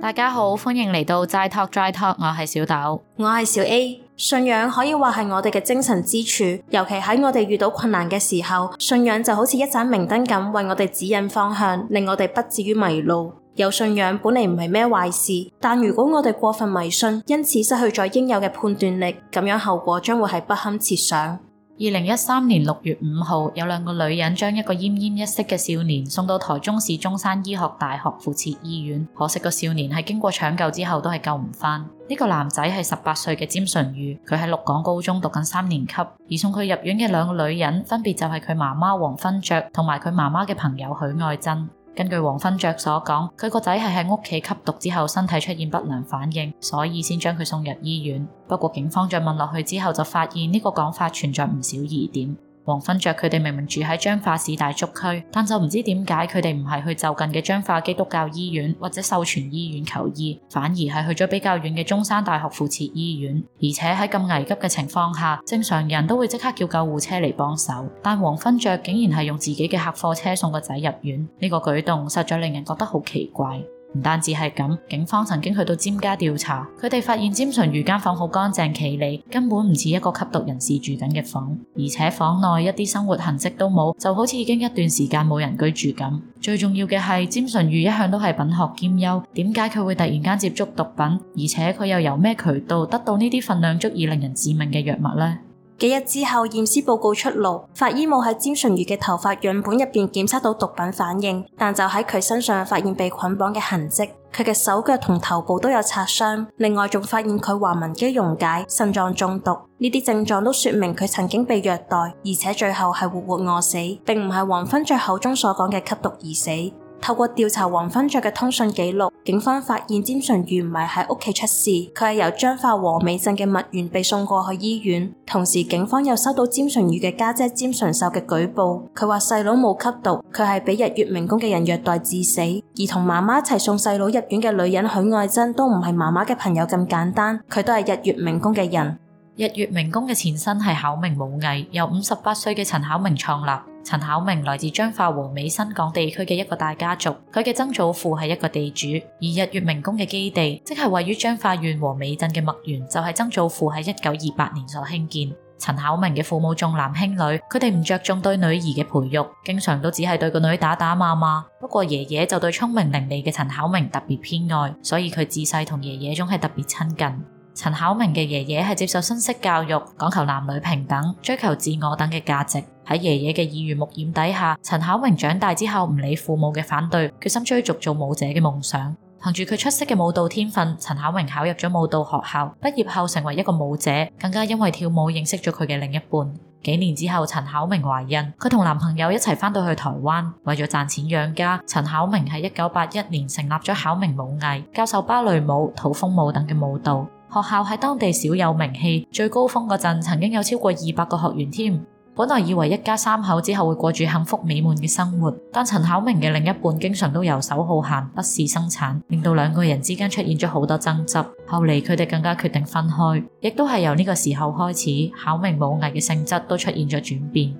大家好，歡迎嚟到齋 talk 齋 talk，我係小豆，我係小 A。信仰可以話係我哋嘅精神支柱，尤其喺我哋遇到困難嘅時候，信仰就好似一盞明燈咁，為我哋指引方向，令我哋不至於迷路。有信仰本嚟唔係咩壞事，但如果我哋過分迷信，因此失去咗應有嘅判斷力，咁樣後果將會係不堪設想。二零一三年六月五號，有兩個女人將一個奄奄一息嘅少年送到台中市中山醫學大學附設醫院，可惜個少年係經過搶救之後都係救唔返。呢、這個男仔係十八歲嘅詹純宇，佢喺鹿港高中讀緊三年級，而送佢入院嘅兩個女人分別就係佢媽媽黃芬雀同埋佢媽媽嘅朋友許愛珍。根據黃芬雀所講，佢個仔係喺屋企吸毒之後，身體出現不良反應，所以先將佢送入醫院。不過警方再問落去之後，就發現呢個講法存在唔少疑點。黃芬雀佢哋明明住喺彰化市大竹區，但就唔知點解佢哋唔係去就近嘅彰化基督教醫院或者秀傳醫院求醫，反而係去咗比較遠嘅中山大學附設醫院。而且喺咁危急嘅情況下，正常人都會即刻叫救護車嚟幫手，但黃芬雀竟然係用自己嘅客貨車送個仔入院，呢、這個舉動實在令人覺得好奇怪。唔單止係咁，警方曾經去到詹家調查，佢哋發現詹純如間房好乾淨、企理，根本唔似一個吸毒人士住緊嘅房，而且房內一啲生活痕跡都冇，就好似已經一段時間冇人居住咁。最重要嘅係，詹純如一向都係品學兼優，點解佢會突然間接觸毒品？而且佢又由咩渠道得到呢啲份量足以令人致命嘅藥物呢？幾日之後，驗屍報告出爐，法醫冇喺詹純如嘅頭髮樣本入邊檢測到毒品反應，但就喺佢身上發現被捆綁嘅痕跡，佢嘅手腳同頭部都有擦傷，另外仲發現佢橫紋肌溶解、腎臟中毒，呢啲症狀都說明佢曾經被虐待，而且最後係活活餓死，並唔係黃芬雀口中所講嘅吸毒而死。透過調查黃芬雀嘅通訊記錄，警方發現詹純宇唔係喺屋企出事，佢係由彰化和美鎮嘅物源被送過去醫院。同時，警方又收到詹純宇嘅家姐詹純秀嘅舉報，佢話細佬冇吸毒，佢係俾日月明功嘅人虐待致死。而同媽媽一齊送細佬入院嘅女人許愛珍，都唔係媽媽嘅朋友咁簡單，佢都係日月明功嘅人。日月明功嘅前身係巧明舞藝，由五十八歲嘅陳巧明創立。陳巧明來自彰化和美新港地區嘅一個大家族，佢嘅曾祖父係一個地主，而日月明功嘅基地，即係位於彰化縣和美鎮嘅墨園，就係、是、曾祖父喺一九二八年所興建。陳巧明嘅父母重男輕女，佢哋唔着重對女兒嘅培育，經常都只係對個女兒打打罵罵。不過爺爺就對聰明伶俐嘅陳巧明特別偏愛，所以佢自細同爺爺總係特別親近。陳巧明嘅爺爺係接受新式教育，講求男女平等，追求自我等嘅價值。喺爺爺嘅耳濡目染底下，陳巧明長大之後唔理父母嘅反對，決心追逐做舞者嘅夢想。憑住佢出色嘅舞蹈天分，陳巧明考入咗舞蹈學校，畢業後成為一個舞者。更加因為跳舞認識咗佢嘅另一半。幾年之後，陳巧明懷孕，佢同男朋友一齊返到去台灣，為咗賺錢養家。陳巧明喺一九八一年成立咗巧明舞藝，教授芭蕾舞、土風舞等嘅舞蹈。學校喺當地小有名氣，最高峰嗰陣曾經有超過二百個學員添。本來以為一家三口之後會過住幸福美滿嘅生活，但陳巧明嘅另一半經常都游手好閒、不事生產，令到兩個人之間出現咗好多爭執。後嚟佢哋更加決定分開，亦都係由呢個時候開始，巧明舞藝嘅性質都出現咗轉變。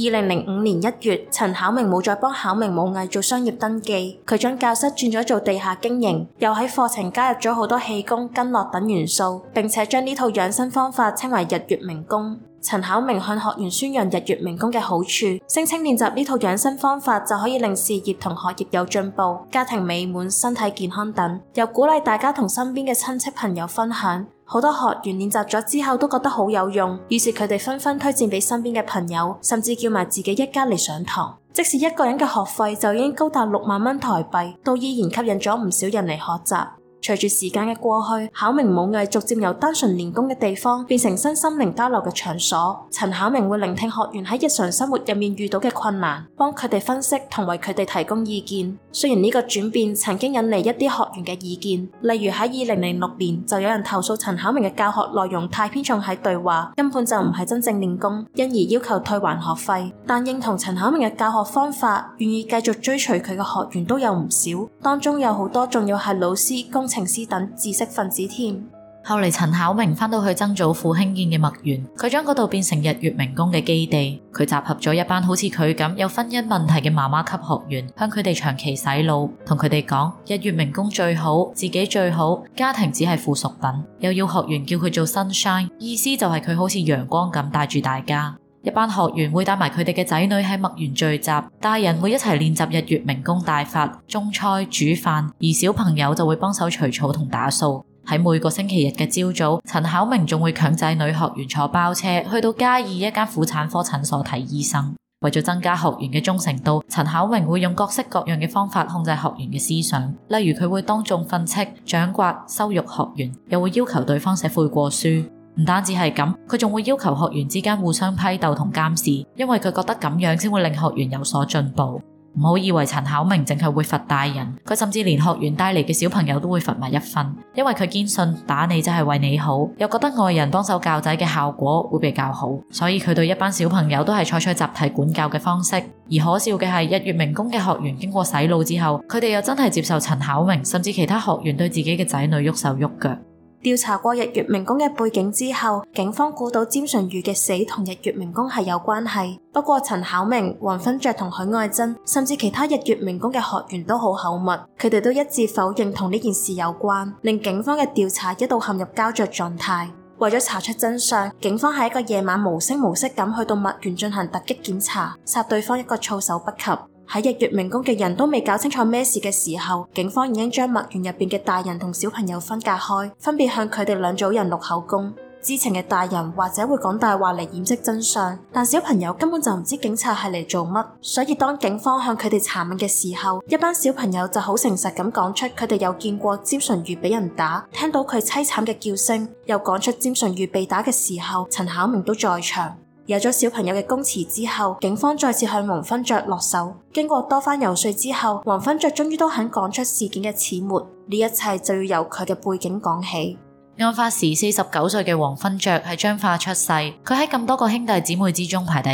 二零零五年一月，陳巧明冇再幫巧明舞藝做商業登記，佢將教室轉咗做地下經營，又喺課程加入咗好多氣功、經絡等元素，並且將呢套養生方法稱為日月明功。陳巧明向學員宣揚日月明功嘅好處，聲稱練習呢套養生方法就可以令事業同學業有進步、家庭美滿、身體健康等，又鼓勵大家同身邊嘅親戚朋友分享。好多學員練習咗之後都覺得好有用，於是佢哋紛紛推薦俾身邊嘅朋友，甚至叫埋自己一家嚟上堂。即使一個人嘅學費就已經高達六萬蚊台幣，都依然吸引咗唔少人嚟學習。隨住時間嘅過去，巧明舞藝逐漸由單純練功嘅地方變成身心靈交流嘅場所。陳巧明會聆聽學員喺日常生活入面遇到嘅困難，幫佢哋分析同為佢哋提供意見。雖然呢個轉變曾經引嚟一啲學員嘅意見，例如喺二零零六年就有人投訴陳巧明嘅教學內容太偏重喺對話，根本就唔係真正練功，因而要求退還學費。但認同陳巧明嘅教學方法，願意繼續追隨佢嘅學員都有唔少，當中有好多仲要係老師公情師等知識分子添。後嚟陳巧明翻到去曾祖父興建嘅墨園，佢將嗰度變成日月明功嘅基地。佢集合咗一班好似佢咁有婚姻問題嘅媽媽級學員，向佢哋長期洗腦，同佢哋講日月明功最好，自己最好，家庭只係附屬品。又要學員叫佢做 Sunshine，意思就係佢好似陽光咁帶住大家。一班學員會帶埋佢哋嘅仔女喺麥園聚集，大人會一齊練習日月明功大法、種菜、煮飯，而小朋友就會幫手除草同打掃。喺每個星期日嘅朝早，陳巧明仲會強制仔女學員坐包車去到嘉義一間婦產科診所睇醫生。為咗增加學員嘅忠誠度，陳巧明會用各式各樣嘅方法控制學員嘅思想，例如佢會當眾訓斥、掌摑、羞辱學員，又會要求對方寫悔過書。唔單止係咁，佢仲會要求學員之間互相批鬥同監視，因為佢覺得咁樣先會令學員有所進步。唔好以為陳巧明淨係會罰大人，佢甚至連學員帶嚟嘅小朋友都會罰埋一分，因為佢堅信打你就係為你好，又覺得外人幫手教仔嘅效果會比較好，所以佢對一班小朋友都係採取集體管教嘅方式。而可笑嘅係，日月明功嘅學員經過洗腦之後，佢哋又真係接受陳巧明甚至其他學員對自己嘅仔女喐手喐腳。調查過日月明功嘅背景之後，警方估到詹純如嘅死同日月明功係有關係。不過，陳巧明、黃芬雀同許愛珍，甚至其他日月明功嘅學員都好口密，佢哋都一致否認同呢件事有關，令警方嘅調查一度陷入膠着狀態。為咗查出真相，警方喺一個夜晚無聲無息咁去到物園進行突擊檢查，殺對方一個措手不及。喺日月明功嘅人都未搞清楚咩事嘅時候，警方已經將墨園入邊嘅大人同小朋友分隔開，分別向佢哋兩組人錄口供。知情嘅大人或者會講大話嚟掩飾真相，但小朋友根本就唔知警察係嚟做乜，所以當警方向佢哋查問嘅時候，一班小朋友就好誠實咁講出佢哋有見過詹淳寓俾人打，聽到佢淒慘嘅叫聲，又講出詹淳寓被打嘅時候，陳巧明都在場。有咗小朋友嘅供詞之後，警方再次向黃芬雀落手。經過多番遊說之後，黃芬雀終於都肯講出事件嘅始末。呢一切就要由佢嘅背景講起。案發時，四十九歲嘅黃芬雀係彰化出世，佢喺咁多個兄弟姐妹之中排第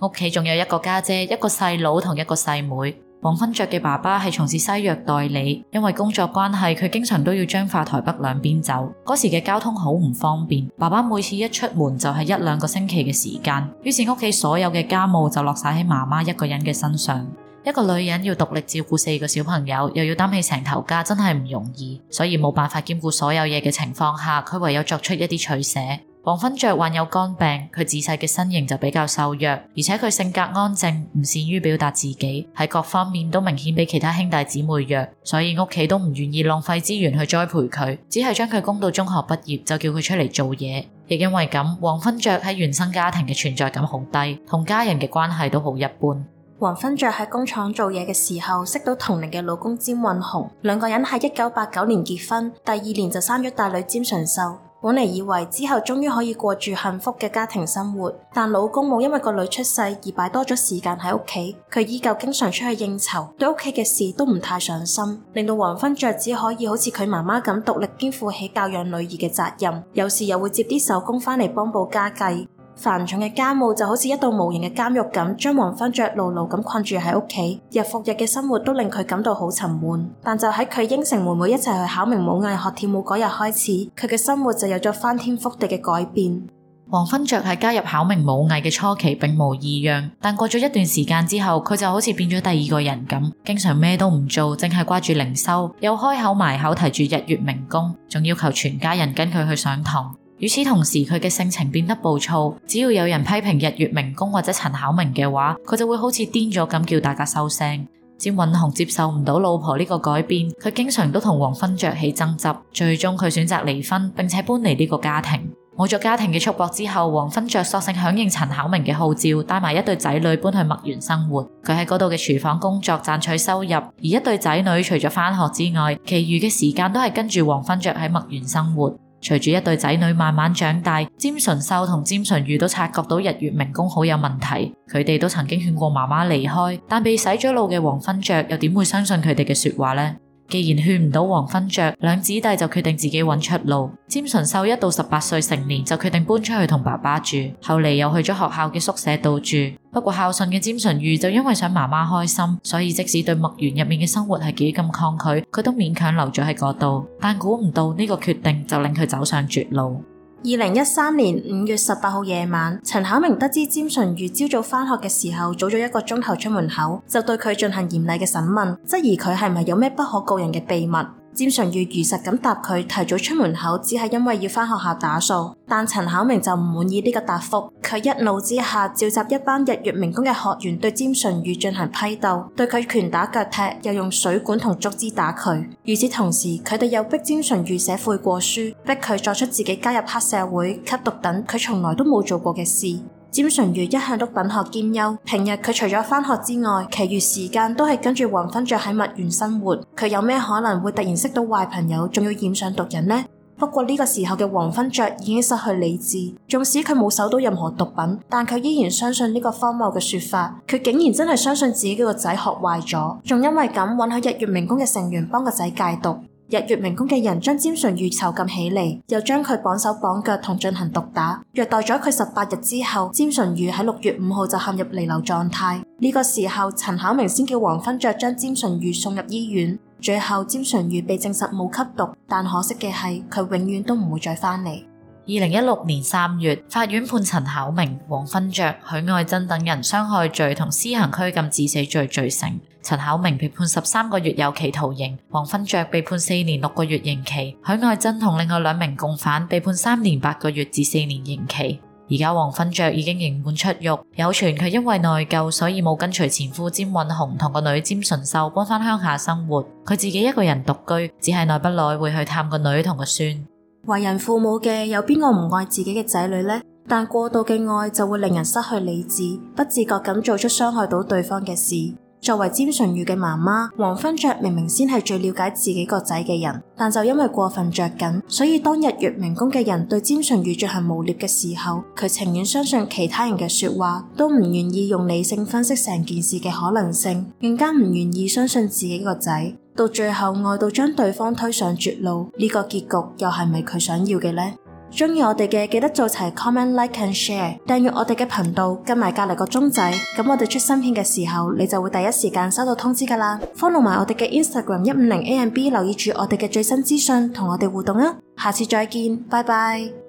二，屋企仲有一個家姐，姐、一個細佬同一個細妹，妹。黃芬雀嘅爸爸係從事西藥代理，因為工作關係，佢經常都要彰化台北兩邊走。嗰時嘅交通好唔方便，爸爸每次一出門就係一兩個星期嘅時間。於是屋企所有嘅家務就落晒喺媽媽一個人嘅身上。一個女人要獨立照顧四個小朋友，又要擔起成頭家，真係唔容易。所以冇辦法兼顧所有嘢嘅情況下，佢唯有作出一啲取捨。黃芬雀患有肝病，佢自細嘅身形就比較瘦弱，而且佢性格安靜，唔善於表達自己，喺各方面都明顯比其他兄弟姊妹弱，所以屋企都唔願意浪費資源去栽培佢，只係將佢供到中學畢業就叫佢出嚟做嘢。亦因為咁，黃芬雀喺原生家庭嘅存在感好低，同家人嘅關係都好一般。黃芬雀喺工廠做嘢嘅時候識到同齡嘅老公詹運雄，兩個人喺一九八九年結婚，第二年就生咗大女詹純秀。本嚟以為之後終於可以過住幸福嘅家庭生活，但老公冇因為個女兒出世而擺多咗時間喺屋企，佢依舊經常出去應酬，對屋企嘅事都唔太上心，令到黃芬雀只可以好似佢媽媽咁獨力肩負起教養女兒嘅責任，有時又會接啲手工返嚟幫補家計。繁重嘅家務就好似一道無形嘅監獄咁，將黃芬雀牢牢咁困住喺屋企。日復日嘅生活都令佢感到好沉悶。但就喺佢應承妹妹一齊去巧明舞藝學跳舞嗰日開始，佢嘅生活就有咗翻天覆地嘅改變。黃芬雀喺加入巧明舞藝嘅初期並無異樣，但過咗一段時間之後,佢就好似變咗第二個人咁。經常咩都唔做,淨係掛住靈修,又開口埋口提住日月明功,仲要求全家人跟佢去上堂。與此同時，佢嘅性情變得暴躁，只要有人批評日月明功或者陳巧明嘅話，佢就會好似癲咗咁叫大家收聲。詹允雄接受唔到老婆呢個改變，佢經常都同黃芬雀起爭執，最終佢選擇離婚，並且搬離呢個家庭。冇咗家庭嘅束縛之後，黃芬雀索性響應陳巧明嘅號召，帶埋一對仔女搬去墨園生活。佢喺嗰度嘅廚房工作賺取收入，而一對仔女除咗返學之外，其餘嘅時間都係跟住黃芬雀喺墨園生活。隨住一對仔女慢慢長大，詹純秀同詹純如都察覺到日月明功好有問題，佢哋都曾經勸過媽媽離開，但被洗咗腦嘅黃芬雀又點會相信佢哋嘅說話呢？既然勸唔到黃芬雀，兩姊弟就決定自己揾出路。詹純秀一到十八歲成年，就決定搬出去同爸爸住，後嚟又去咗學校嘅宿舍度住。不過孝順嘅詹純瑜就因為想媽媽開心，所以即使對墨園入面嘅生活係幾咁抗拒，佢都勉強留住喺嗰度。但估唔到呢個決定就令佢走上絕路。二零一三年五月十八號夜晚，陳巧明得知詹淳如朝早返學嘅時候早咗一個鐘頭出門口，就對佢進行嚴厲嘅審問，質疑佢係咪有咩不可告人嘅秘密。詹純宇如實咁答佢，提早出門口只係因為要返學校打掃，但陳巧明就唔滿意呢個答覆，佢一怒之下召集一班日月明功嘅學員對詹純宇進行批鬥，對佢拳打腳踢，又用水管同竹枝打佢。與此同時，佢哋又逼詹純宇寫悔過書，逼佢作出自己加入黑社會、吸毒等佢從來都冇做過嘅事。詹純如一向都品學兼優，平日佢除咗返學之外，其餘時間都係跟住黃芬雀喺物園生活。佢有咩可能會突然識到壞朋友，仲要染上毒癮呢？不過呢個時候嘅黃芬雀已經失去理智，縱使佢冇搜到任何毒品，但佢依然相信呢個荒謬嘅說法。佢竟然真係相信自己嘅個仔學壞咗，仲因為咁揾喺日月明功嘅成員幫個仔戒毒。日月明功嘅人將詹淳于囚禁起嚟，又將佢綁手綁腳同進行毒打，虐待咗佢十八日之後，詹淳于喺六月五號就陷入彌留狀態。呢、這個時候，陳巧明先叫黃芬雀將詹淳于送入醫院。最後，詹淳于被證實冇吸毒，但可惜嘅係佢永遠都唔會再翻嚟。二零一六年三月，法院判陳巧明、黃芬雀、許愛珍等人傷害罪同私行拘禁致死罪罪成。陳巧明被判十三個月有期徒刑，黃芬雀被判四年六個月刑期，許愛珍同另外兩名共犯被判三年八個月至四年刑期。而家黃芬雀已經刑滿出獄，有傳佢因為內疚，所以冇跟隨前夫詹運雄同個女詹純秀搬翻鄉下生活，佢自己一個人獨居，只係耐不耐會去探個女同個孫。為人父母嘅有邊個唔愛自己嘅仔女呢？但過度嘅愛就會令人失去理智，不自覺咁做出傷害到對方嘅事。作為詹淳于嘅媽媽，黃芬雀明明先係最了解自己個仔嘅人，但就因為過分着緊，所以當日月明功嘅人對詹淳于進行誣衊嘅時候，佢情願相信其他人嘅說話，都唔願意用理性分析成件事嘅可能性。更加唔願意相信自己個仔，到最後愛到將對方推上絕路，呢、這個結局又係咪佢想要嘅呢？中意我哋嘅記得做齊 comment like and share，訂閱我哋嘅頻道，跟埋隔籬個鐘仔，咁 我哋出新片嘅時候你就會第一時間收到通知噶啦 follow 埋我哋嘅 instagram 一五零 a m b 留意住我哋嘅最新資訊，同我哋互動啊！下次再見，拜拜。